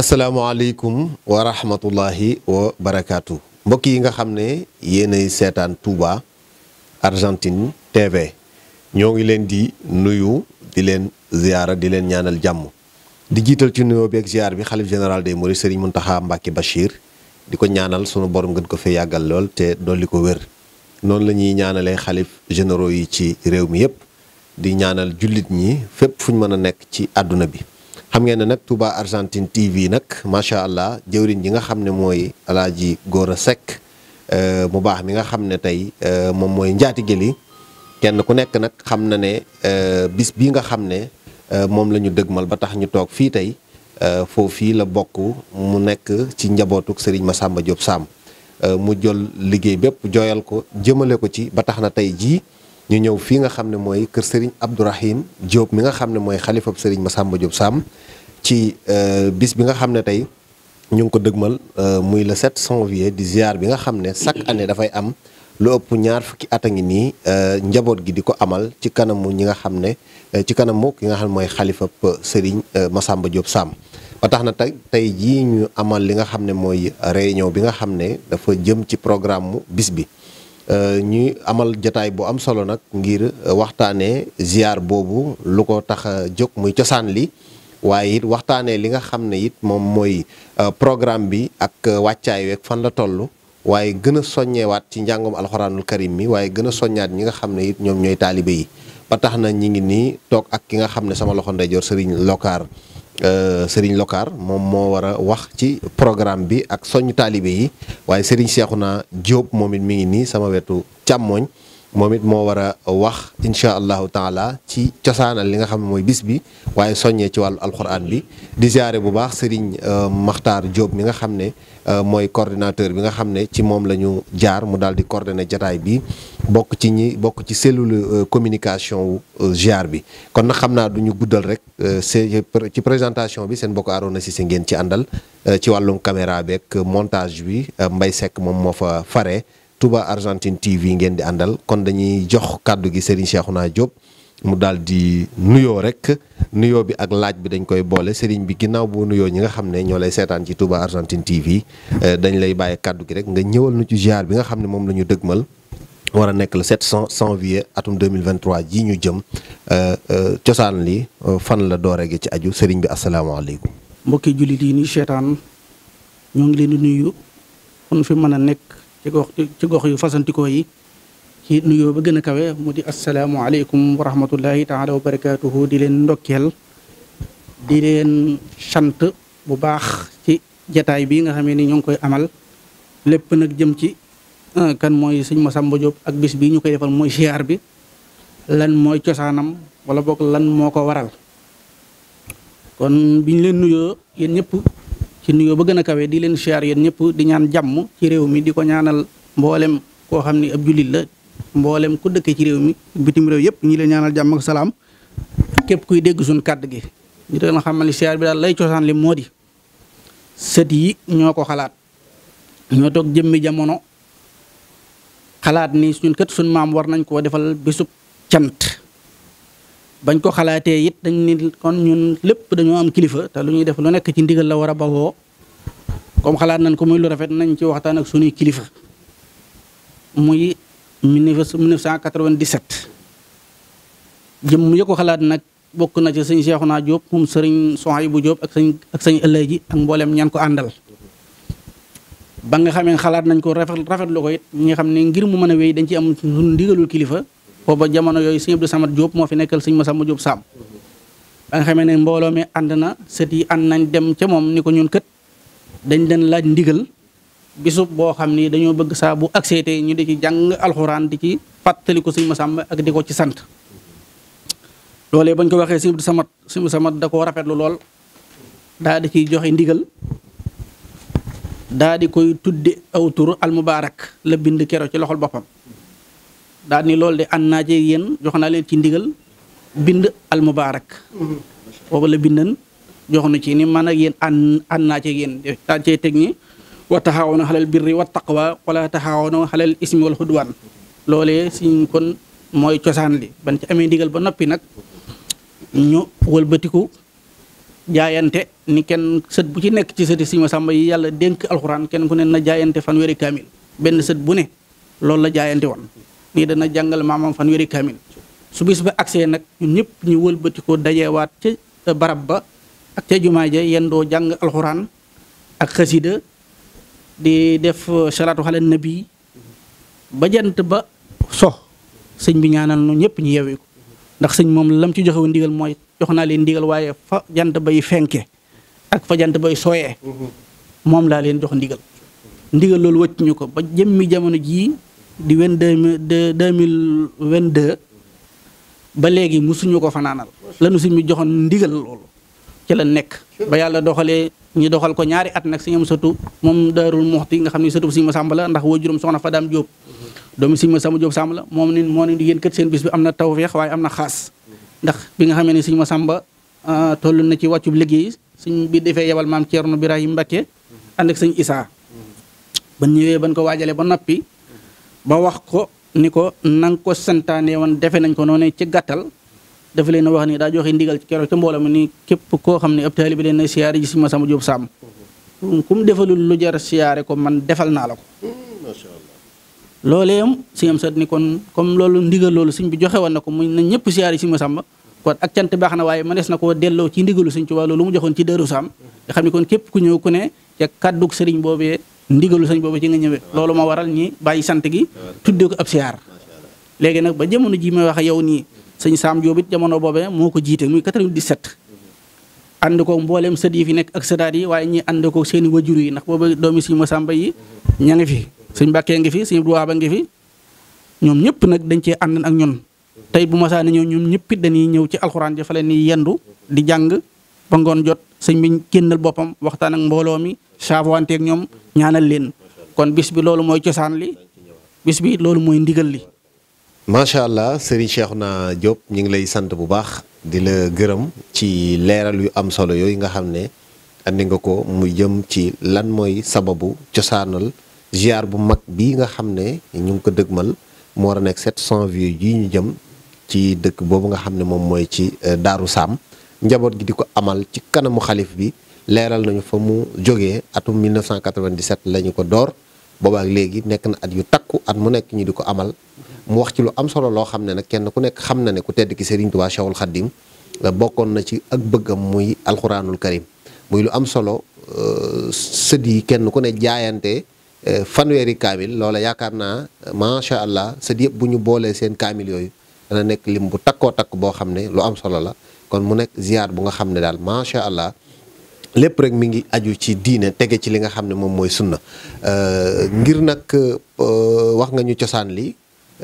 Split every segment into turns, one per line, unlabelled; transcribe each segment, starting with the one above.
asalaamaaleykum wa rahmatullahi wa barakaatu mbokk yi nga xam ne yéenay seetaan Touba Argentine TV ñoo ngi leen di nuyu di leen ziyaara di leen ñaanal jàmm di jiital ci nuyoo bi ak ziar bi xalif général des Mourides mun taxa Mbacké Bachir di ko ñaanal sunu borom gën ko fi yàggal lool te dolli ko wér noonu la ñuy ñaanalee xalif généraux yi ci réew mi yépp di ñaanal jullit ñi fépp fuñ ñu mën a nekk ci àdduna bi xam ngeen ne nag Touba Argentine TV nag macha allah jëwriñ ji nga xam ne mooy ji góor a Seck euh, mu baax mi nga xam ne tey euh, moom mooy njaatige li kenn ku nekk nag xam na ne euh, bis bi nga xam ne moom la ñu dëgmal ba tax ñu toog fii tey foofii la bokk mu nekk ci njabootuk Serigne Massamba Diop Sam mu jol liggéey bépp jooyal ko jëmale ko ci ba tax na tey jii. ñu ñëw fii nga xam ne mooy kër Serigne Abdourahim Diop mi nga xam ne mooy xalifa Serigne Massamba Diop Sam ci euh, bis bi nga xam ne tey ñu ngi ko dëgmal euh, muy le 7 janvier di ziar bi nga xam ne chaque année dafay am ëpp ñaar fukki at a ngi nii euh, njaboot gi di ko amal ci kanamu ñi nga xam ne ci kanamu ki nga xam ne mooy xalifab Serigne Massamba Diop Sam ba tax na tey tey jii ñu amal li nga xam ne mooy réunion bi nga xam ne dafa jëm ci programme mu bis bi. Euh, ñuy amal jataay bu am solo nag ngir euh, waxtaanee ziar boobu lu ko tax a jóg muy cosaan li waaye it waxtaanee li nga xam ne it moom mooy euh, programme bi ak wàccaay weeg fan la toll waaye gën a soññeewaat ci njàngum alxuraanul karim mi waaye gën a soññaat ñi nga xam ne it ñoom ñooy taalibe yi ba tax na ñi ngi ni toog ak ki nga xam ne sama loxo ndeyjoor sëriñ Lokaar Euh, Serigne Locar moom moo war a wax ci programme bi ak soññ taalibe yi waaye Serigne Cheikhouna Diop moom it mi ngi nii sama wetu càmmooñ moom it moo war a wax incha allahu taala ci cosaanal li nga xam ne mooy bis bi waaye soññee ci wàllu alxuraan bi di ziare bu baax Serigne euh, Makhtar Diop mi nga xam ne euh, mooy coordinateur bi nga xam ne ci moom la ñu jaar mu daal di coordonné jataay bi bokk ci ñi bokk ci cellule euh, communication wu ziar bi kon nag xam naa duñu guddal rek ci présentation bi seen bokk aroon si Cissé ngeen ci àndal ci wàllum caméra beeg montage bi mbay Seck moom moo fa fare Touba Argentine TV ngeen di àndal kon dañuy jox kàddu gi Serigne naa Diop mu daal di nuyoo rek nuyoo bi ak laaj bi dañ koy boole Serigne bi ginnaaw boo nuyoo ñi nga xam ne ñoo lay seetaan ci Touba Argentine TV eh, dañ lay bàyyi kàddu gi rek nga ñëwal nu ci ziar bi nga xam ne moom la ñu dëgmal war a nekk le 7 janvier atum 2023 ji ñu jëm eh, eh, cosaan li fan la doore ci aju Serigne bi asalaamaaleykum. mbokki jullit yi ni
seetaan ñoo ngi leen di nuyu kon fi mën a nekk. ci gox ci gox yu fasantikoo yi ci nuyoo ba gën a kawe mu di asalaamualeykum wa rahmatullahi taala wa barakaatuhu di leen ndokkeel di leen sant bu baax ci jataay bii nga xamee ni ñoo ngi koy amal lépp nag jëm ci ah, kan mooy sëñ Masamba Diop ak bis bii ñu koy defal mooy siyaar bi lan mooy cosaanam wala boog lan moo ko waral kon biñ leen nuyoo yéen ñëpp ci nuyoo ba gën a kawe di leen siyaar yéen ñëpp di ñaan jàmm ci réew mi di ko ñaanal mboolem koo xam ni ab jullit la mboolem ku dëkkee ci réew mi bitim réew yëpp ñi leen ñaanal jàmm ak salaam képp kuy dégg suñ kàdd gi ñu doon xamal ni siyaar bi daal lay cosaan li moo di sët yi ñoo ko xalaat ñoo toog jëmmi jamono xalaat ni suñ kët suñ maam war nañ koo defal bésub cant bañ ko xalaatee it dañ ni kon ñun lépp dañoo am kilifa te lu ñuy def lu nekk ci ndigal la war a bawoo comme xalaat nañ ko muy lu rafet nañ ci waxtaan ak sunuy kilifa muy 1997 jëm yëg ko xalaat nag bokk na ci sëñ naa Diop moom sëriñ Souhaïbou Diop bu sëñ ak sëñ Ëllëji ak mbooleem ñan ko àndal ba nga xamee xalaat nañ ko rafet rafetlu ko it ñi nga xam ne ngir mu mën a wéy dañ ci am suñu ndigalul kilifa booba jamono yooyu sëñ Abdou Samad Diop moo fi nekkal sëñ ma Diop Samb ba nga xamee ne mbooloo mi ànd na sët yi ànd nañ dem ca moom ni ko ñun kët dañ leen laaj ndigal bisub boo xam ni dañoo bëgg saa bu accepté ñu di ci jàng alxuraan di ci fàttali ko sëñ Masamba ak di ko ci sant loolee bañ ko waxee sëñ Abdou Samad sëñ Abdou Samad da koo rafetlu lool daal di ciy joxe ndigal daal di koy tudde aw tur almubaarak la bind kero ci loxol boppam daal ni loolu de ànd naa ci yéen jox naa leen ci ndigal bind al mubaarak bindan jox na ci ni man ak ànd naa ci yéen daan cee teg ni wa taxawoona xalal birri wa taqwa wala taxawoona xalal ismi wal xudwaan loolee suñ kon mooy cosaan li ban ci amee ndigal ba noppi nag ñu wëlbatiku jaayante ni kenn sët bu ci nekk ci sëti Sëñ Masamba yi yàlla dénk alxuraan kenn ku ne na jaayante fanweeri kaamil benn sët bu ne loolu la jaayante woon a dana jàngal maamam fanweeri kaamil su bis ba agsee nag ñun ñëpp ñu wëlbati ko waat ca barab ba ak ca jumaa ja yendoo jàng alxuraan ak xasida di def salaatu xale bi ba jant ba so sëñ bi ñaanal nu ñëpp ñu yewi ko ndax sëñ moom lam ci joxewu ndigal mooy jox naa leen digal waaye fa jant bay fenke ak fa jant bay sooyee mhm. moom laa leen jox ndigal ndigal loolu wëcc ñu ko ba jëmmi jamono jii di wen deux deux mille vingt deux ba léegi musuñu ko fanaanal lanu suñ mi joxoon ndigal loolu ci la nekk ba yàlla doxalee ñu doxal ko ñaari at nag suñu sëtu moom Daarul Muxti nga xam ne sëtu suñu ma sàmba la ndax waajuram soxna Fadaam Jóob doomi suñu ma sàmba Jóob sàmba la moom ni moo ne di yéen kët seen bis bi am na tawfeex waaye am na xaas ndax bi nga xamee ne suñu ma sàmba ah, toll na ci wàccub liggéey suñ bi defee yebal maam Ceerno Birahim Mbakke ànd ak sañ Isaa ban ñëwee ban ko waajalee ba noppi ba wax ko ni ko na nga ko santaane woon defe nañ ko noonu ci gàttal dafa leen wax ni daa joxe ndigal ci keroog ca mbooloo ni képp koo xam ne ab taali bi leen na siyaare ji si Masamba mu defalul lu jar siyaare ko man defal naa la ko loolee si am sat ni kon comme loolu ndigal loolu sëñ bi joxe woon na ko mu na ñëpp siyaare si Masamba kon ak cant baax na waaye mënees na ko delloo ci ndigalu sëñ Tuubaa loolu mu joxoon ci Daaru Saam nga xam ne kon képp ku ñëw ku ne ca kàddug sëriñ boobee ndigalu sëñ boobu ci nga ñëwee loolu ma waral ñi bàyyi sant gi tuddee ko ab siyaar léegi nag ba jamono ji may wax yow nii sëñ Saam Jóob it jamono boobe moo ko jiite muy 97 ànd ko mbooleem sët yi fi nekk ak sëtaat yi waaye ñi ànd ko seen i wajur yi ndax boobu doomi sëñ Masamba yi ña ngi fi sëñ Mbàkke ngi fi sëñ Abdu Waaba ngi fi ñoom ñëpp nag dañ cee àndan ak ñoon tey bu masaa ne ñëw ñoom ñëpp it dañuy ñëw ci alxuraan ja fa leen ni yendu di jàng ba ngoon jot sëñ bi génnal boppam waxtaan ak mbooloo mi saafuwanteeg ñoom ñaanal leen kon bis bi loolu mooy cosaan li bis bi loolu mooy ndigal li.
macha allah Serigne Cheikhouna Diop ñu ngi lay sant bu baax di la gërëm ci leeral yu am solo yooyu nga xam ne andi nga ko muy jëm ci lan mooy sababu cosaanal ziar bu mag bi nga xam ne ñu ngi ko dëgmal moo war a nekk 7 janvier yi ñu jëm ci dëkk boobu nga xam ne moom mooy ci euh, Daaru Saam. njaboot gi di ko amal ci kanamu xalif bi leeral nañu fa mu jógee atum 1997 la ñu ko door boobaak léegi nekk na at yu takku at mu nekk ñu di ko amal mu wax ci lu am solo loo xam ne nag kenn ku nekk xam na ne ku tedd ki Serigne Touba Cheikhul Khadim euh, bokkoon na ci ak bëggam muy alxuraanul karim muy lu am solo euh, sët yi kenn ku ne jaayante euh, fanweeri kaamil loola yaakaar naa macha allah sët yëpp bu ñu boolee seen kaamil yooyu dana nekk lim bu takkoo takk boo xam ne lu am solo la kon mu nekk ziar bu nga xam ne daal macha allah lépp rek mu ngi aju ci diine tege ci li nga xam ne moom mooy sunna euh, ngir nag euh, wax nga ñu cosaan li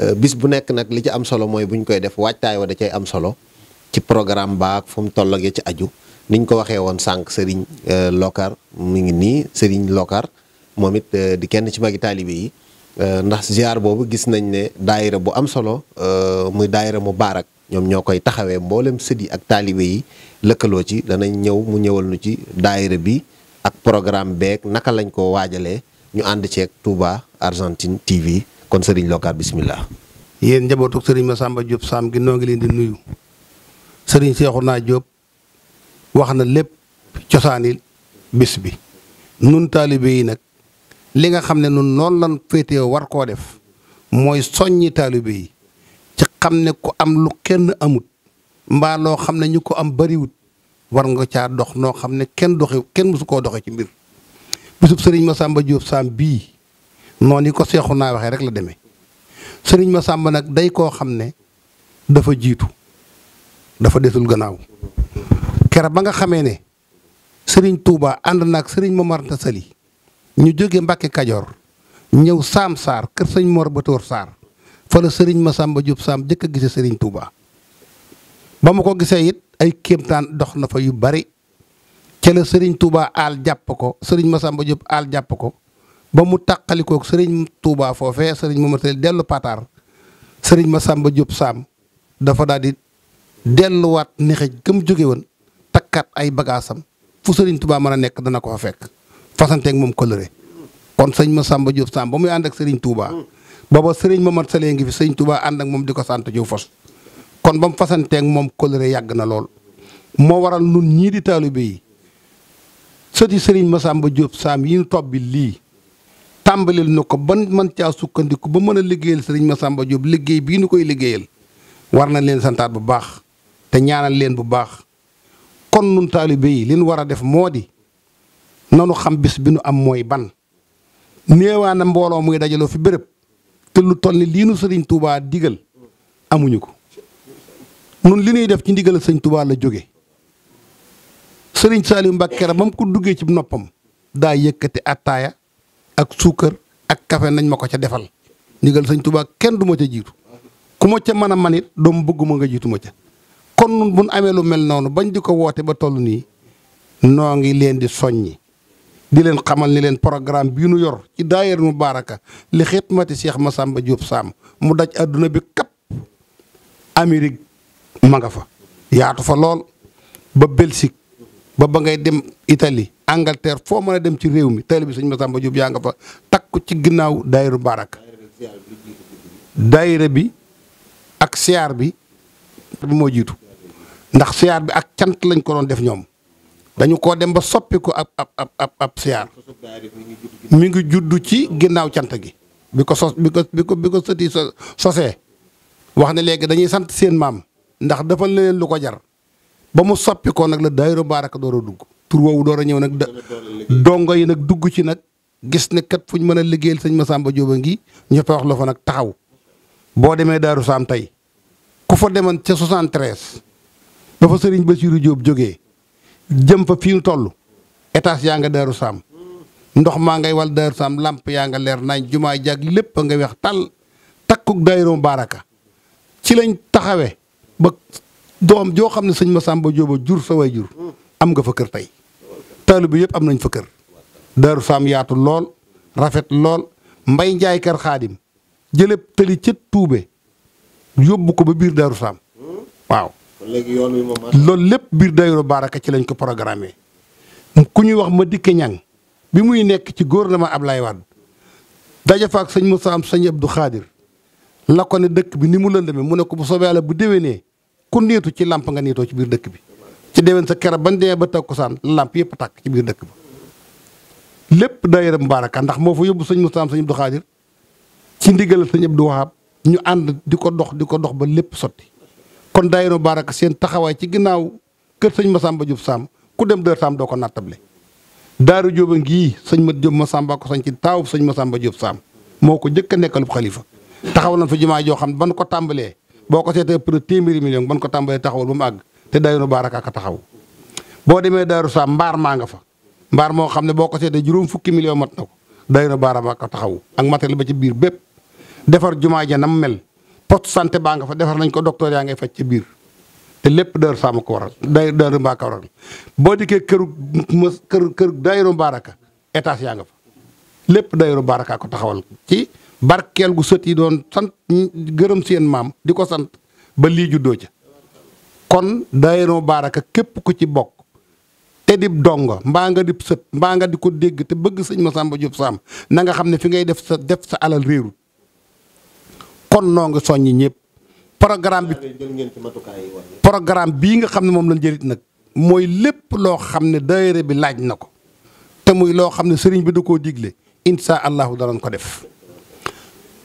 euh, bis bu nekk nag li ci am solo mooy buñ koy def waajtaay wa da cay am solo ci programme baak fu mu toll ci aju niñ ko waxee woon sànq Serigne Lokar mi ngi nii Serigne Lokar moom it di kenn ci magi taalibe yi. Euh, ndax ziar boobu gis nañ ne daayira bu am solo euh, muy daayira mu baarak ñoom ñoo koy taxawee mboolem sëdd yi ak taalibe yi lëkkaloo ci danañ ñëw mu ñëwal nu ci daayira bi ak programme beek naka lañ ko waajalee ñu ànd ceeg Touba
Argentine
TV kon sëriñ Lokaat bisimilah.
yéen njabootu sëriñ Massamba Diop Sam gi noo ngi leen di nuyu sëriñ Cheikhouna Diop wax na lépp cosaani bis bi nun taalibe yi nag. li nga xam ne nun noonu lan féetee war koo def mooy soññi taalibe yi ci xam ne ku am lu kenn amut mbaa loo xam ne ñu ko am bariwut war nga caa dox noo xam ne kenn doxe kenn mësu koo doxe ci mbir bisub sëriñ ma Masamba Diop Sam bii noonu yi ko seexu naa waxe rek la deme sëriñ ma Masamba nag day koo xam ne dafa jiitu dafa desul gannaaw kere ba nga xamee ne sëriñ Touba ànd ak sëriñ Momar sali ñu jóge Mbàkke Kajoor ñëw saam saar kër sëñ Mor Batoor Saar fa sëriñ ma Masamba Diop Saam jëkk a gise sëriñ Touba ba mu ko gisee it ay kéemtaan dox na fa yu bari ca la sëriñ Touba aal jàpp ko sëriñ Masamba Diop aal jàpp ko ba mu tàqalikook sëriñ Touba foofee sëriñ ma Tali dellu Pataar sëriñ sàmba Diop Saam dafa daal di delluwaat nexej gëm jóge woon takkaat ay bagaasam fu sëriñ Touba mën a nekk dana ko fa fekk fasanteeg moom coloré kon sëñ Massamba Diop Samb ba muy ànd ak Serigne Touba mm. booba Serigne Momar Sale ngi fi sëñ Touba ànd ak moom di ko sant jiw fos kon ba mu fasanteeg moom coloré yàgg na lool moo waral nun ñii di taalibe yi sëti Serigne Massamba Diop Samb yi ñu topp bi lii tàmbalil nu ko ban man caa sukkandiku ba mën a liggéeyal ma Massamba Diop liggéey bii nu koy liggéeyal war nañ leen santaat bu baax te ñaanal leen bu baax kon nun taalibe yi war a def moo di nanu xam bis bi nu am mooy ban néewaana mbooloo muy dajaloo fi béréb te lu toll ni lii nu sëriñ Touba digal amuñu ko nun li nuy def ci ndigal sëñ Touba la jóge sëriñ Saliou Mbacké ba mu ko duggee ci noppam daa yëkkati attaaya ak suukar ak kafe nañ ma ko ca defal ndigal sëñ Touba kenn du ma ca jiitu ku ma ca mën a manit doom bëgguma nga jiitu ma ca kon nun buñ amee lu mel noonu bañ di ko woote ba toll nii noo ngi leen di soññi di leen xamal ni leen programme bii nu yor ci daayir mu baraka li xidmati ma Massamba Diop Sam mu daj àdduna bi kap Amérique ma nga fa yaatu fa lool ba Belgique ba ba ngay dem Italie Angleterre foo mën a dem ci réew mi taalibe bi sëñ Massamba Diop yaa nga fa takku ci ginnaaw daayiru baraka daayira bi ak siyaar bi moo jiitu ndax siyaar bi ak cant lañ ko doon def ñoom dañu koo dem ba soppi ko ab ab ab ab siyaar mi ngi juddu ci ginnaaw cant gi bi ko sos bi ko bi ko sëti sosee wax ne léegi dañuy sant seen maam ndax dafa leen lu ko jar ba mu soppi ko nag la daayira Mubaaraka door a dugg tur woowu door a ñëw nag dongo yi nag dugg ci nag gis ne kat fu ñu mën a liggéeyal sëñ Masamba Jóob a ngi ñu fa wax la fa nag taxaw boo demee Daaru Saam tey ku fa demoon ca 73 ba fa sëriñ Basiiru Jóob jógee jëm fa fii nu toll étage yaa nga daaru saam ndox maa ngay wal daaru saam làmp yaa nga leer nañ jumaa jag lépp a nga weex tàll takkuk daayira Baraka ci lañ taxawe ba doom joo xam ne sëñ Masamba Jóoba jur sa way jur am nga fa kër tey taalu bi yëpp am nañ fa kër daaru saam yaatu lool rafet lool mbay njaay kër xaadim jëlëb tëli ca tuube yóbbu ko ba biir daaru saam waaw léegi
yoon wi moom loolu
lépp biir day daayira Baraka ci lañ ko programmé ku ñuy wax ma dikk ñaŋ bi muy nekk ci gouvernement Ablaye Wade daje fa ak sëñ Moussa am sëñ du Khadir la ko ne dëkk bi ni mu lëndëmee mu ne ko bu soobee yàlla bu déwénee ku niitu ci làmp nga niitoo ci biir dëkk bi ci dewen sa keroog bañ demee ba takkusaan la làmp yëpp tàkk ci biir dëkk ba lépp daayira Baraka ndax moo fa yóbbu sëñ Moussa am sëñ Abdou Khadir ci ndigal sëñ Abdou Wahab ñu ànd di ko dox di ko dox ba lépp sotti kon daayira Baraka seen taxawaay ci ginnaaw kër sëñ ma Masamba jub Sam ku dem Dër Sam doo ko nattable daaru Diop a ngi sëñ Mat Diop Masamba ko sañ ci taawu sëñ ma Masamba jub saam moo ko njëkk a nekkalub xalifa taxaw nañ fa jumaa joo xam ne ban ko tàmbalee boo ko seetee pour téeméeri million ban ko tàmbalee taxawal ba mu àgg te daayira Baraka ka taxaw boo demee daaru Sam mbaar maa nga fa mbaar moo xam ne boo ko seetee juróom fukki million mat na ko daayira Baraka ka taxaw ak matériel ba ci biir bépp defar jumaa ja nam mel poste santé baa nga fa defar nañ ko docteur yaa ngay faj ca biir te lépp Daaru Saam ko waral day Daaru Mbaa ko waral boo dikkee këru mës kër kër daayira Mbaraka étage yaa nga fa lépp daayira Mbaraka ko taxawal ci barkeel gu sët yi doon sant gërëm seen maam di ko sant ba lii juddoo ca kon daayira Mbaraka képp ku ci bokk te di dongo mbaa nga dib sët mbaa nga di ko dégg te bëgg sëñ Masamba Diop Samb na nga xam ne fi ngay def sa def sa alal réerut kon noo ngi soññi ñëpp programme bi programme bii nga xam ne moom lañ jërit nag mooy lépp loo xam ne daayira bi laaj na ko te muy loo xam ne sëriñ bi du koo digle insha allahu danañ ko def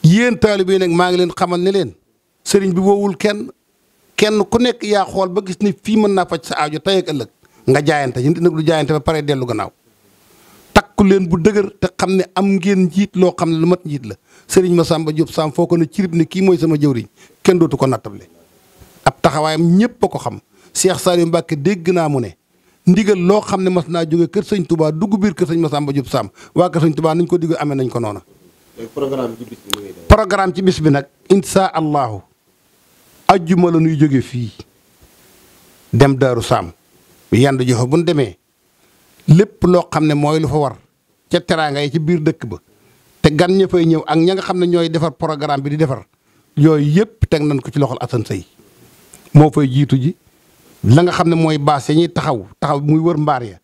yéen taalibe yi nag maa ngi leen xamal ne leen sëriñ bi woowul kenn kenn ku nekk yaa xool ba gis ni fii mën naa faj sa aajo tey ak ëllëg nga jaayante nit nag du jaayante ba pare dellu gannaaw takku leen bu dëgër te xam ne am ngeen njiit loo xam ne lu mat njiit la sëriñ sàmba Diop Sam foo ko ne cirib ne kii mooy sama jëwriñ kenn dootu ko nattable ab taxawaayam ñëpp a ko xam Cheikh yu Mbacke dégg naa mu ne ndigal loo xam ne mas naa jóge kër sëñ tubaa dugg biir kër sëñ Massamba Diop Sam waa kër sëñ Touba nañ ko digg amee nañ ko noona
programme
ci bis bi nag insha allahu ajjuma la nuy jóge fii dem Daaru Sam yandu joxe bu ñu demee lépp loo ne mooy lu fa war ca teraanga yi ci biir dëkk ba te gan ña fay ñëw ak ña nga xam ne ñooy defar programme bi di defar yooyu yëpp teg nañ ko ci loxol Assane Seye moo fay jiitu ji la nga xam ne mooy baas ya ñuy taxaw taxaw muy wër mbaar ya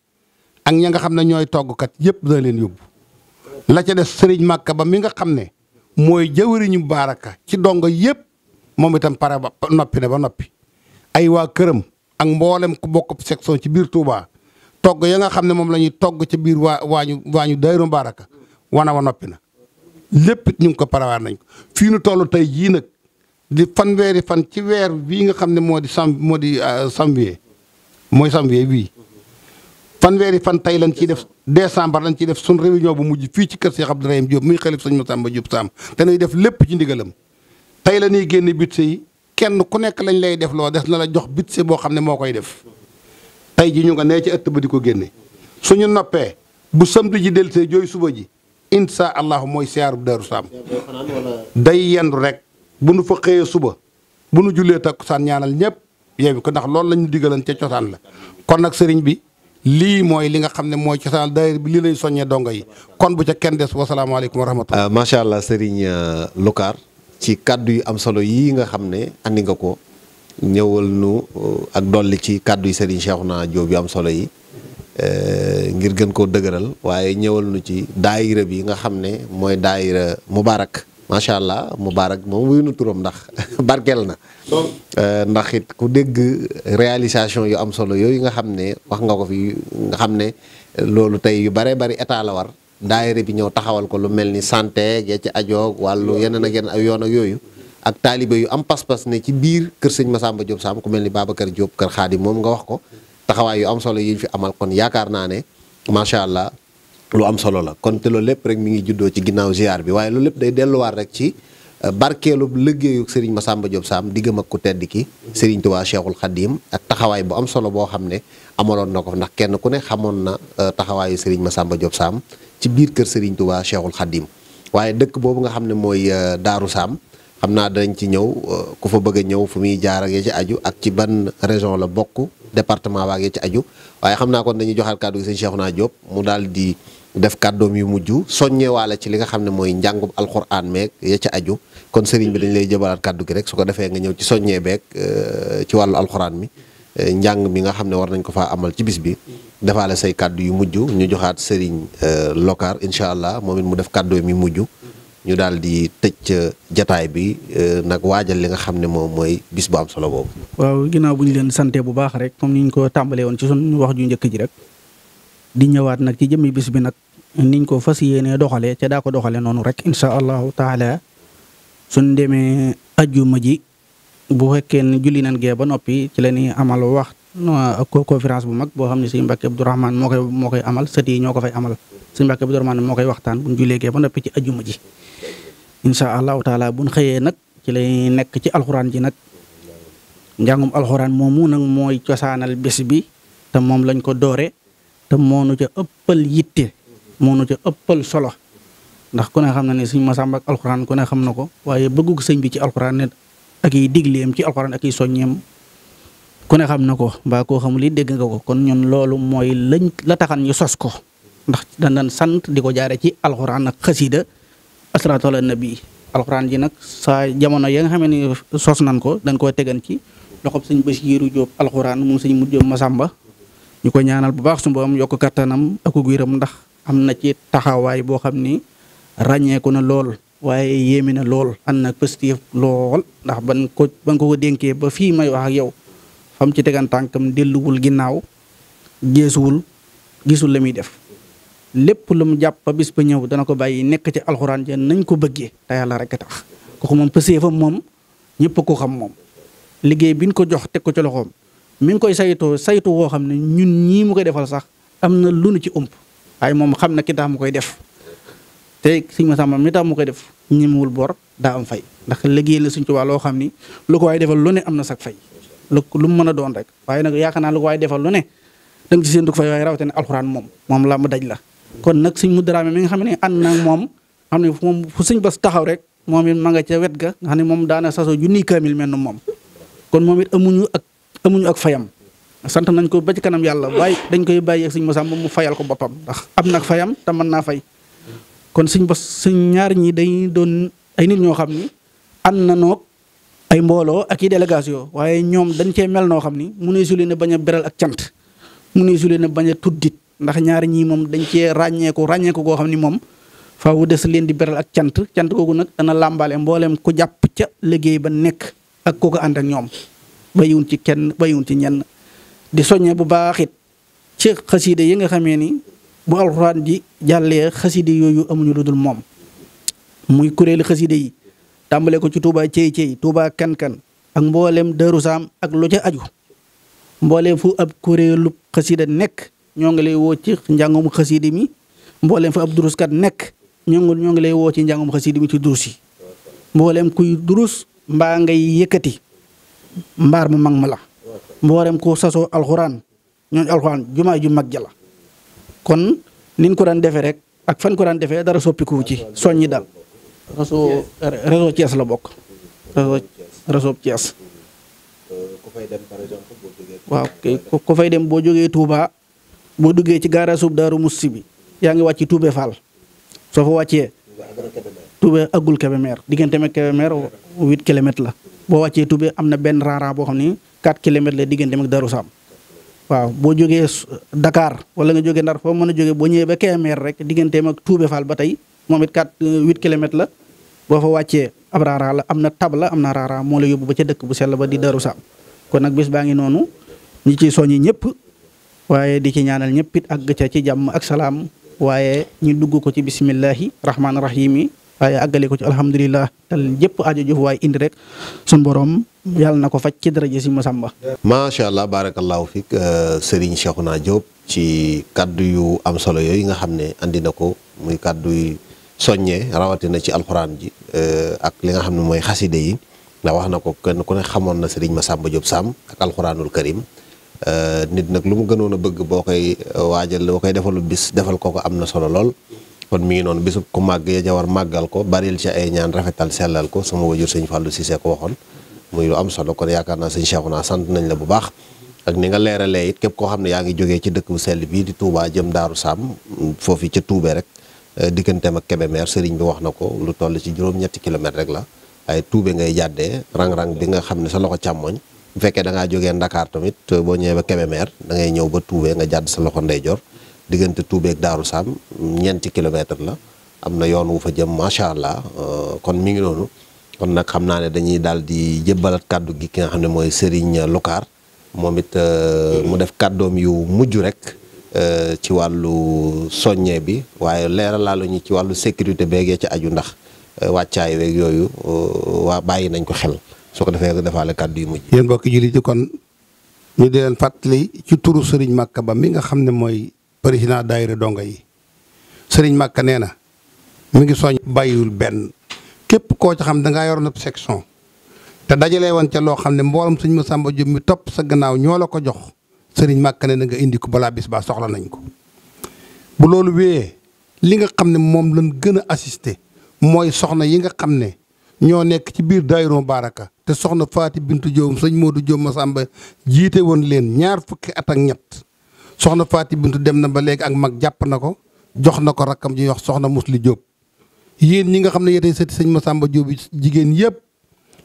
ak ña nga xam ne ñooy toggkat yëpp dana leen yóbbu la ca des sëriñ Màkka ba mi nga xam ne mooy jawëriñu baaraka ci dongo yëpp moom itam pare ba noppi ne ba noppi ay waa këram ak mboolem ku bokk section ci biir tuubaa togg ya nga xam ne moom lañuy togg ci biir waa waañu waañu dayru mbaraka wana wa noppi na lépp ñu ngi ko parewaar nañ ko fii nu toll tey jii nag di fanweeri fan ci weer bii nga xam ne moo di sam moo di euh, samwiye mooy samwiye bii fanweeri fan tey lañ ciy def décembre lañ ciy def sun réunion bu mujj fii ci kër Cheikh Abdourahim Diop muy xalif sëñ Massamba Diop Sam te nuy def lépp ci ndigalam tey la ñuy génn bitse yi kenn ku nekk lañ lay def loo des na la jox bitse boo xam ne moo koy def tey ji ñu nga nee ci ëtt ba di ko génne suñu noppee bu samedi ji dellusee jooy suba ji incha allahu mooy siyaarub Daaru Saam day yendu rek bu nu fa xëyee suba bu nu jullee takkusaan ñaanal ñëpp yeewi ko ndax loolu la ñu digalan ca cosaan la kon nag sëriñ bi lii mooy li nga xam ne mooy cosaan daayira bi lii lay soññee dongo yi kon bu ca kenn des wasalaamaaleykum wa rahmatullah
ah, macha allah sëriñ euh, Lukaar ci kàddu yi am solo yii nga xam ne andi nga ko ñëwal nu uh, ak dolli ci kàddu yi Serigne Cheikhouna Diop yu am solo yi uh, ngir gën koo dëgëral waaye ñëwal nu ci daayira bi nga xam ne mooy daayira Moubarak macha allah Moubarak moom wuyu nu turam ndax barkeel na. Uh, ndax it ku dégg réalisation yu am solo yooyu nga xam ne wax nga ko fi nga xam ne loolu tey yu bare bari état la war daayira bi ñëw taxawal ko lu mel ni santé ya ci ajoog wàllu yeneen ak yeneen ay yoon ak yooyu. ak taalibe yu am pas-pas ne ci biir kër sëñ Massamba Diop Sam ku mel ni kër Xaadim moom nga wax ko solo yi ñu fi amal kon yaakaar naa allah lu am solo la kon te lépp rek mi ngi juddoo ci ginnaaw ziar bi waaye loolu lépp day delluwaat rek ci euh, barkeelu liggéeyu sëriñ Massamba Diop Sam diggam ak ku tedd ki sëriñ Tuubaa Cheikhul Khadim ak taxawaay bu am solo boo xam ne amaloon na ko ndax kenn ku ne xamoon na euh, taxawaayu sëriñ Massamba Diop Sam ci biir kër sëriñ Tuubaa Cheikhul Khadim waaye dëkk boobu nga xam ne mooy euh, Daaru Sam xam naa dañ ci ñëw euh, ku fa bëgg a ñëw fu muy jaar ak ya ci aju ak ci ban région la bokk département waag ya ci aju waaye xam naa kon dañuy joxaat kàddu gi sëñ Cheikhouna Diop mu daal di def kàddoom yu mujj soññewaale ci li nga xam ne mooy njàngum alxuraan meeg ci aju kon sëriñ bi dañ lay jëbalaat kàddu gi su ko defee nga ñëw ci soññee beeg euh, ci wàllu alxuraan mi euh, njàng mi nga xam ne war nañ ko faa amal ci bis bi defaale say kàddu yu mujj ñu joxaat sëriñ Lokar incha allah moom it mu def kàddoom yu mujj ñu daal di tëj jataay bi euh, nag waajal li nga xam ne moom mooy bis bu am solo boobu.
waaw ginnaaw bu ñu leen sante bu baax rek comme ni ko tàmbalee woon ci suñu wax ju njëkk ji rek di ñëwaat nag ci jëmmi bis bi nag niñ ko fas yéenee doxalee te daa ko doxalee noonu rek incha allahu taala suñ demee ajjuma ji bu fekkee julli nañ gee ba noppi ci la ñuy amal wax ko euh, conférence bu mag boo xam ne sëñ Mbàkke Abdourahmane moo koy moo koy amal sët yi ñoo ko fay amal sëñ Mbàkke Abdourahmane moo koy waxtaan buñ jullee gee ba noppi ci ajuma ji incha allahu taala buñ xëyee nag ci lay nekk ci alxuraan ji nag njàngum alxuraan moomu nag mooy cosaanal bés bi te moom lañ ko doore te nu ca ëppal yitte moonu ca ëppal solo ndax ku ne xam na ne sëñ Masamba ak alxuraan ku ne xam na ko waaye bëggug sëñ bi ci alxuraan ak ku ne xam na ko mbaa koo xamul it dégg nga ko kon ñun loolu mooy lañ la taxan ñu sos ko ndax dandan sant di ko jaare ci alxuraan ak xasida asalaatu ala nabi alxuraan ji nag sa jamono ya nga xam ne sos nan ko dañ koo tegan ci loxob sëñ Basiiru Jóob alxuraan moom sëñ Mujj ma Masamba ñu ko ñaanal bu baax su mboom yokk kattanam ak wéram ndax am na ci taxawaay boo xam ni ràññeeku na lool waaye yéemi na lool ànd na positif lool ndax ban ko ban ko ko dénkee ba fii may wax yow fam ci tegan tànkam delluwul ginnaaw geesuwul gisul la muy def lépp lu mu jàpp ba bis ba ñëw dana ko bàyyi nekk ci alxuraan ja nañ ko bëggee te yàlla rek a tax kooku moom pësee fa moom ñëpp ko xam moom. liggéey bi ñu ko jox teg ko ci loxoom mi ngi koy saytoo saytu woo xam ne ñun ñii mu koy defal sax am na lu nu ci ump waaye moom xam na ki tax mu koy def te suñ ma sàmm mi tax mu koy def wul bor daa am fay ndax liggéey la suñ ci waa loo xam ni lu ko waay defal lu ne am na sag fay. lu lu mu mën a doon rek waaye nag yaakaar naa lu ko waaye defal lu ne da nga ci seen dugg fay waaye rawatina alxuraan moom moom la mu daj la. kon nag suñ mu daraame mi nga xam ne ànd nag moom xam ne moom fu suñ bas taxaw rek moom ma nga ca wet ga nga xam ne moom daana saso junniy kaamil mel moom kon moom it amuñu ak amuñu ak fayam. sant nañ ko ba kanam yàlla waaye dañ koy bàyyi ak suñ mosam ba mu fayal ko boppam ndax am nag fayam te mën naa fay kon suñ bas suñ ñaar ñi dañ doon ay nit ñoo xam ni ànd na noog ay mbooloo ak i délégation waaye ñoom dañ cee mel noo xam ni mu ne su leen a bañ a beral ak cant mu ne su leen bañ a tuddit ndax ñaari ñii moom dañ cee ràññeeku ràññeeku goo xam ni moom faawu des leen di beral ak cant cant googu nag dana làmbaale mbooleem ku jàpp ca liggéey ba nekk ak ku ko ànd ak ñoom bàyyiwun ci kenn bàyyiwun ci ñenn di soññe bu baax it ci xasiide yi nga xamee ni bu alxuraan ji jàllee xasiide yooyu amuñu lu dul moom muy kuréeli xasiide yi tàmbale ko ci Touba Cey Cey kan kan ak mboolem Darou ak lu ca aju mboolem fu ab kuréelu xasida nekk ñoo ngi lay woo ci njàngum xasida mi mboolem fu ab duruskat nekk ñoo ñoo ngi lay woo ci njàngum xasida mi ci durus yi mboolem kuy durus mbaa ngay yëkkati mbaar mu mag ma la mboolem ku sasoo alxuraan ñooñu alxuraan jumaa ju mag ja la kon nin ko daan defee rek ak fan ko daan defee dara soppiku ci soññi daal. réseau réseau la bokk. réseau réseau waaw ko fay dem boo jógee Touba boo duggee ci gaara suub Daaru Musti bi yaa ngi wàcc Toubé Fall soo fa wàccee. Toubé agul Kébémer diggante meeg Kébémer 8 kilomètres la. boo wàccee Toubé am na benn raara boo xam ni 4 kilomètres la diggante meeg daru Sam waaw boo jógee Dakar wala nga jógee Ndar foo mën a joge boo ñëwee ba Kébémer rek digganteem ak Toubé Fall ba tey. moom it 4 8 euh, kilomètres la boo fa wàccee ab raara la am na tab la am na raara moo la yóbbu ba ca dëkk bu sell ba di Darou Sam kon nag bis baa ngi noonu ñi ciy soññi ñëpp waaye di ci ñaanal ñëpp it àgg ca ci jàmm ak salaam waaye ñu dugg ko ci bisimillahi rahmaani rahim yi waaye àggale ko ci alhamdulillah tal jëpp aajo jëf waaye indi rek sun boroom yàlla na ko faj ci daraja si Masamba.
macha allah barakallahu fik euh, Serigne naa Diop ci kàddu yu am solo yooyu nga xam ne andi na ko muy kaddu soññee rawatina ci alxuraan ji euh, ak li nga xam ne mooy xaside yi ndax wax na ko kenn ku ne xamoon na Serigne Massamba Diop Sam ak alxuraanul karim euh, nit nag lu mu gënoon a bëgg boo koy euh, waajal boo koy defalu bis defal ko ko am na solo lool. kon mi ngi noonu bisu ku màgg jawar màggal ko baril ci ay ñaan rafetal sellal ko sama wajur sëñ Fallou si seeko waxoon muy lu am solo kon yaakaar naa sëñ Cheikhouna sant nañ la bu baax. ak ni nga leeralee it képp koo xam ne yaa ngi jógee ci dëkk bu sell bii di Touba jëm Daaru saam foofu ca Toubé rek. Euh, digganteem ak Kébémer sëriñ bi wax na ko lu toll ci juróom-ñetti kilomètre rek la waaye tuube ngay jàdde rang-rang bi nga xam ne sa loxo càmmoñ bu fekkee dangaa jógee Ndakaar tamit euh, boo ñëwee ba Kébémer da ngay ñëw ba tuube nga jàdd sa loxo ndeyjoor diggante tuube ak Daaru Saam ñeenti kilomètre la am na yoon wu fa jëm macha allah euh, kon mu ngi noonu kon nag xam naa ne dañuy daal di jébbalat kàddu gi ki nga xam ne mooy Serigne Lukaar moom it mu def kàddoom yu mujj rek Euh, ci wàllu soññee bi waaye leeral leeralal ñu ci wàllu sécurité beegee ci aju ndax euh, wàccaay weeg yooyu euh, waa bàyyi nañ ko xel soo ko defee defaale kàddu yu mujj.
yéen mbokki jullit yi kon ñu di fàttali ci turu Serigne Makka ba mi nga xam ne mooy président daayira donga yi sëriñ Makka nee na mi ngi soñ bàyyiwul benn képp koo ci xam da ngaa yoroon ab section te dajalee woon ca loo xam ne mboolem suñ ma sàmba jub mi topp sa gannaaw ñoo la ko jox. sëriñ Màkka ne na nga indi ko balaa bis baa soxla nañ ko bu loolu wéyee li nga xam ne moom lañ gën a assister mooy soxna yi nga xam ne ñoo nekk ci biir daayira Baraka te soxna Faati Bintu Joom sëñ Moodu Joom Masamba jiite woon leen ñaar fukki at ak ñett soxna Faati Bintu dem na ba léegi ak mag jàpp na ko jox na ko rakkam ji wax soxna Musli Jóob yéen ñi nga xam ne yéenay sëti sëñ ma sàmba Jóob jigéen yëpp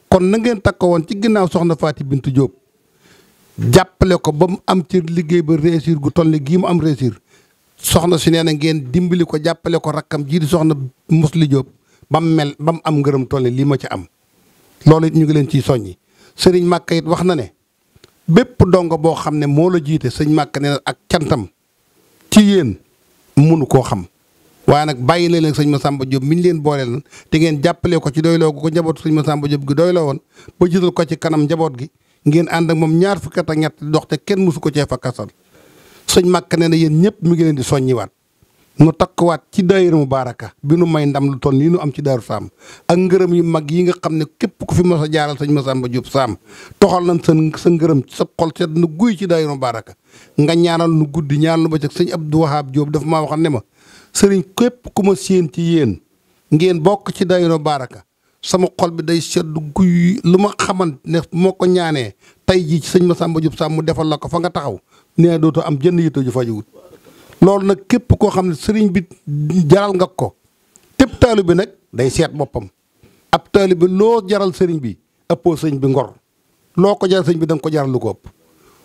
kon na ngeen takko woon ci ginnaaw soxna Faati Bintu Jóob jàppale ko ba mu am ci liggéey ba réussir gu toll gii mu am réussir soxna si nee na ngeen dimbali ko jàppale ko rakkam jii di soxna Mously Diop ba mu mel ba mu am ngërëm toll lii ma ci am. loolu it ñu ngi leen ciy soññi sëriñ Màkka yit wax na ne bépp dongo boo xam ne moo la jiite sëñ Màkka ne ak cantam ci yéen munu koo xam. waaye nag bàyyi leen ak sëñ Massamba Diop mi ñu leen booleel na te ngeen jàppale ko ci doyloo gu ko njaboot sëñ Massamba Diop gi doyloo woon ba jiital ko ci kanam njaboot gi ngeen ànd ak moom ñaar fukki at ak ñett dox te kenn mu mësu ko cee fakkasal sëñ Màkka nee na yéen ñëpp mi ngi leen di soññiwaat nu takkuwaat ci mu baaraka bi nu may ndam lu toll nii nu am ci Daaru Saam ak ngërëm yu mag yi nga xam ne képp ku fi mos a jaaral sañ ma saam Masamba Diop Saam toxal nañ sa sa ngërëm sa xol seet nu guy ci daayira baaraka nga ñaanal nu guddi ñaanal nu ba ca sëñ Abdou Wahab jóob dafa maa waxoon ne ma sëriñ képp ku ma séen ci yéen ngeen bokk ci daayira Mubaaraka sama xol bi day sedd guy lu ma xaman ne moo ko ñaanee tey jii ci sëñ Massamba Diop Samb mu defal la ko fa nga taxaw nee dooto am jënd yitte ju fajuwut loolu nag képp koo xam ne sëriñ bi jaral nga ko tépp taali bi nag day seet boppam ab taali bi loo jaral sëriñ bi ëppoo sëriñ bi ngor loo ko jaral sëriñ bi danga ko jaral lu ko ëpp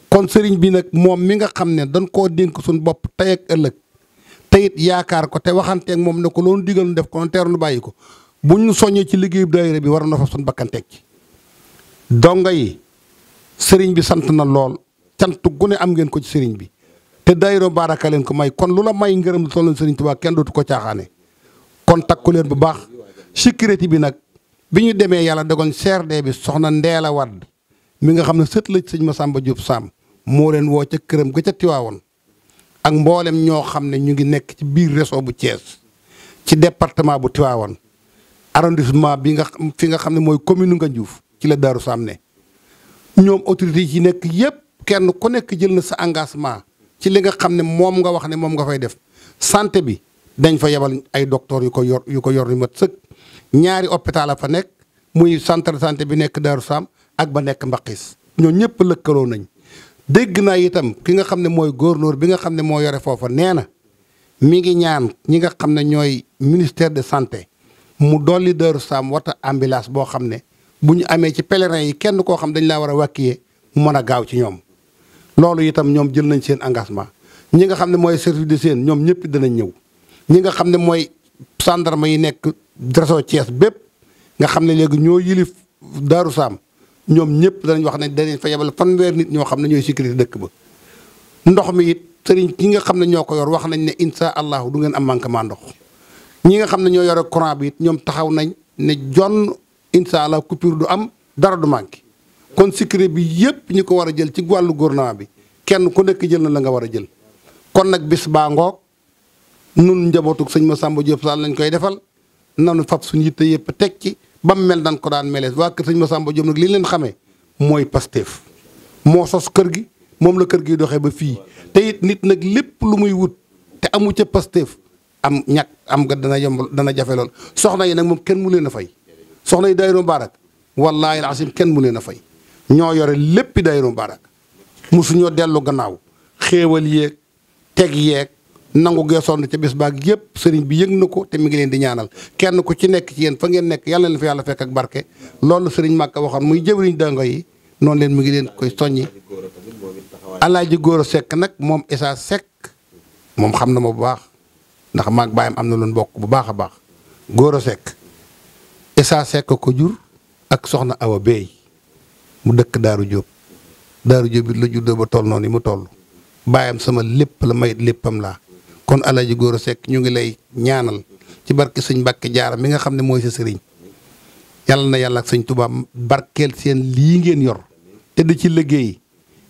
kon sëriñ bi nag moom mi nga xam ne dañ koo dénk suñu bopp tey ak ëllëg teyit yaakaar ko te waxanteeg moom ne ko loolu digal nu def ko teeru nu bàyyi ko buñ ñu soññee ci liggéeyub daayira bi war na fa suñ bakkanteeg ci donga yi sëriñ bi sant na lool cant gu ne am ngeen ko ci sëriñ bi te daayira baaraka leen ko may kon lu la may ngërëm lu tolloon sëriñ Tuubaa kenn dootu ko caaxaane kon takku leen bu baax sécurité bi nag bi ñu demee yàlla dogoon CRD bi soxna Ndeela Wàdd mi nga xam ne sët la sëñ sàmba Diop Samb moo leen woo ca këram ga ca Tiwaawoon ak mboolem ñoo xam ne ñu ngi nekk ci biir réseau bu Thiès ci département bu Tiwaawoon arrondissement bi nga fi nga xam ne mooy commune nga Ngandiouf ci la Daaru Saam ne ñoom autorités yi nekk yépp kenn ku nekk jël na sa engagement ci li nga xam ne moom nga wax ne moom nga fay def santé bi dañ fa yebal ay docteur yu ko yor yu ko yor yu mat sëkk ñaari hôpital a fa nekk muy centre de santé bi nekk Daaru Saam ak ba nekk Mbaqis ñoo ñëpp lëkkaloo nañ dégg naa itam ki nga xam ne mooy gouverneur bi nga xam ne moo yore foofa nee na mi ngi ñaan ñi nga xam ne ñooy ministère de santé mu dolli Daaru Saam wata ambulance boo xam ne bu ñu amee ci pèlerin yi kenn koo xam dañ laa war a wàkkiyee mu mën a gaaw ci ñoom loolu itam ñoom jël nañ seen engagement ñi nga xam ne mooy service de seen ñoom ñëpp danañ ñëw xam ne mooy gendarme yi nekk réseau Thiès bépp nga xam ne léegi ñoo yilif Daaru Saam ñoom ñëpp danañ wax ne danañ fa yebal fanweer nit ñoo xam ne ñooy sécurité dëkk ba ndox mi it sëriñ ki nga xam ne ñoo ko yor wax nañ ne incha allahu du ngeen am manquement ndox ñi nga xam ne ñoo yore courant bi it ñoom taxaw nañ ne jonn incha allah coupure du am dara du manqué kon secret bi yépp ñu ko war a jël ci wàllu gouvernement bi kenn ku nekk jël na la nga war a jël. kon nag bis baa ngoog nun njabootug sëñ Massamba Diop Sall nañ koy defal nanu fab suñu yitte yëpp teg ci ba mu mel nan ko daan melee waa kër sëñ Massamba Diop nag li leen xamee mooy Pastef moo sos kër gi moom la kër gi doxee ba fii te it nit nag lépp lu muy wut te amu ca Pastef. am ñàkk am nga dana yomb dana jafe lool soxna yi nag moom kenn mu leen a fay soxna yi dayru mbaarak wallaahi alazim kenn mu leen a fay ñoo yore léppi mu mbaarak musuñoo dellu gannaaw xéewal yéeg teg yeeg nangu gee sonn ca bis baag yépp sëriñ bi yëg na ko te mi ngi leen di ñaanal kenn ku ci nekk ci yéen fa ngeen nekk yàlla na fa yàlla fekk ak barke loolu sëriñ Màkka waxoon muy jëwriñ dango yi noonu leen mi ngi leen koy soññi alaaji góor a sekk nag moom Isaa Sekk moom xam na ma bu baax ndax maag baayam am na loon bokk bu baax a baax Gora sekk Issa Seck ko jur ak soxna Awa Bey mu dëkk Daaru Jóob Daaru Jóob it la juddoo ba tool noonu yi mu toll baayam sama lépp la mayit léppam laa kon góor a sekk ñu ngi lay ñaanal ci barke sëñ Mbàkke Jaara mi nga xam ne mooy sa sëriñ yàlla na yàlla ak sëñ Tuubaa barkeel seen lii ngeen yor te di ci liggéey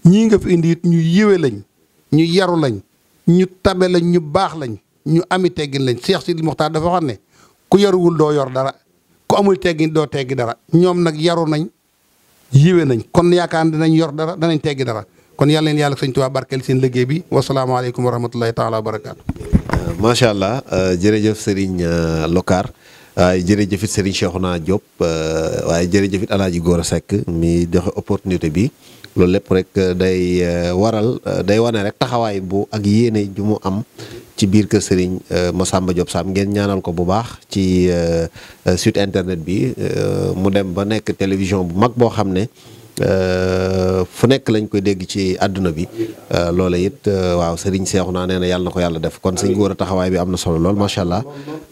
ñii nga fi indi it ñu yéwe lañ ñu yaru lañ ñu tabe lañ ñu baax lañ ñu ami teggin lañ Cheikh Sidi Mokhtar dafa xam ne ku yaruwul doo yor dara ku amul teggin doo teggi dara ñoom nag yaru nañ yiwe nañ kon yaakaar danañ yor dara danañ teggi dara kon yàlla leen yàlla sëñ Tuubaa barkeel seen liggéey bi wasalaamaaleykum wa rahmatullahi taala wa barakaatu.
Euh, macha allah euh, jërëjëf Serigne euh, Locar waaye jërëjëf it Serigne Cheikhouna Diop waaye jërëjëf it El Hadj Gora Seck mi doxe opportunité bi. loolu lépp rek euh, day euh, waral euh, day wane rek taxawaay bu ak yéene ju mu am ci biir kër Serigne Massamba Diop Sam ngeen ñaanal ko bu baax ci site internet bi mu dem ba nekk télévision bu mag boo xam ne Euh, fu nekk lañ koy dégg ci àdduna bi euh, loola it euh, waaw sëriñ seexu naa nee yàlla ko yàlla def kon sëñ góor a taxawaay bi am na solo lool macha allah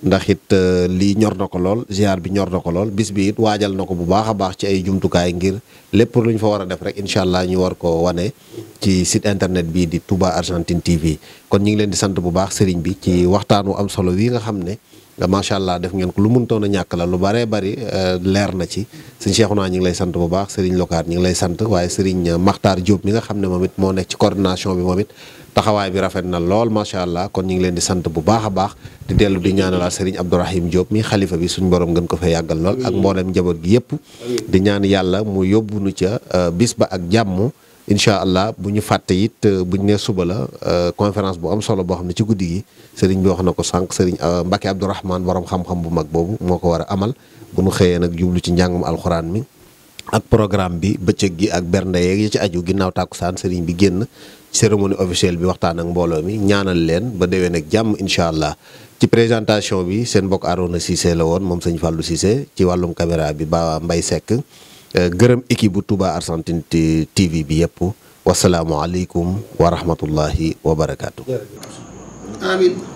ndax it lii ñor na ko lool ziar bi ñor na ko lool bis bi it waajal na ko bu baax a baax ci ay jumtukaay ngir lépp lu fa war a def rek incha allah ñu war ko wane ci site internet bii di tubaa Argentine TV kon ñu ngi leen di sant bu baax sëriñ bi ci waxtaan wu am solo wi nga xam ne macha allah def ngeen lu mëntoon a ñàkk la lu baree bari euh, leer na ci sëñ naa ñu ngi lay sant bu baax Serigne Lokaat ñu ngi lay sant waaye Serigne Makhtar Diop mi nga xam ne moom it moo nekk ci cordination bi moom it taxawaay bi rafet na lool macha allah kon ñu ngi leen di sant bu baax a baax di dellu di ñaanalaat Serigne Abdourahim jóob mi xalifa bi suñ borom gën ko fa yàggal lool. ak mboolem njaboot gi yëpp. di ñaan yàlla mu yóbbu nu ca euh, bis ba ak jàmm. incha allah bu ñu fàtte it euh, bu ñu nee suba la euh, conférence bu am solo boo xam ne ci guddi gi sëriñ bi wax na ko sànq sëriñ euh, Mbacke Abdourahman borom xam-xam bu mag boobu moo ko war a amal bu nu xëyee nag jublu ci njàngum alxuraan bi ak programme bi bëccëg gi ak bernde yeeg yi ci aju ginnaaw tàkkusaan sëriñ bi génn cérémonie officielle bi waxtaan ak mbooloo mi ñaanal leen ba déwén ak jàmm incha allah. ci présentation bi seen mbokk aroon Arona Cissé la woon moom sëñ Fallou Cissé ci wàllum caméra bi ba Mbaye Seck. Euh, gërëm équipe bu Touba Argentine TV bi yëpp wasalaamualeykum wa rahmatullahi wa barakaatu.
amiin.